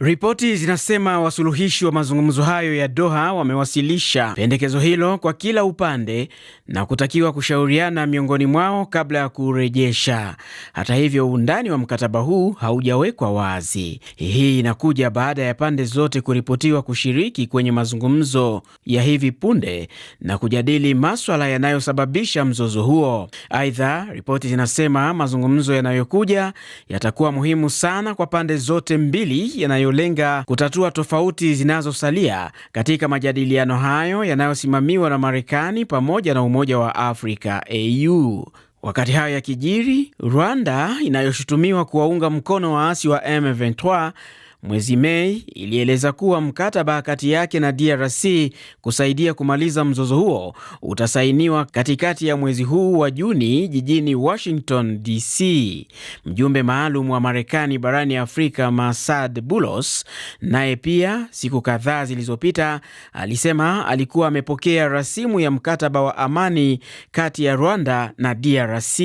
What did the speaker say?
Ripoti zinasema wasuluhishi wa mazungumzo hayo ya Doha wamewasilisha pendekezo hilo kwa kila upande na kutakiwa kushauriana miongoni mwao kabla ya kurejesha. Hata hivyo, undani wa mkataba huu haujawekwa wazi. Hii inakuja baada ya pande zote kuripotiwa kushiriki kwenye mazungumzo ya hivi punde na kujadili maswala yanayosababisha mzozo huo. Aidha, ripoti zinasema mazungumzo yanayokuja yatakuwa muhimu sana kwa pande zote mbili yanayo yanayolenga kutatua tofauti zinazosalia katika majadiliano hayo yanayosimamiwa na Marekani pamoja na Umoja wa Afrika AU. Wakati hayo yakijiri, Rwanda inayoshutumiwa kuwaunga mkono waasi wa M23 Mwezi Mei ilieleza kuwa mkataba kati yake na DRC kusaidia kumaliza mzozo huo utasainiwa katikati ya mwezi huu wa Juni jijini Washington DC. Mjumbe maalum wa Marekani barani Afrika Masad Bulos naye pia siku kadhaa zilizopita alisema alikuwa amepokea rasimu ya mkataba wa amani kati ya Rwanda na DRC.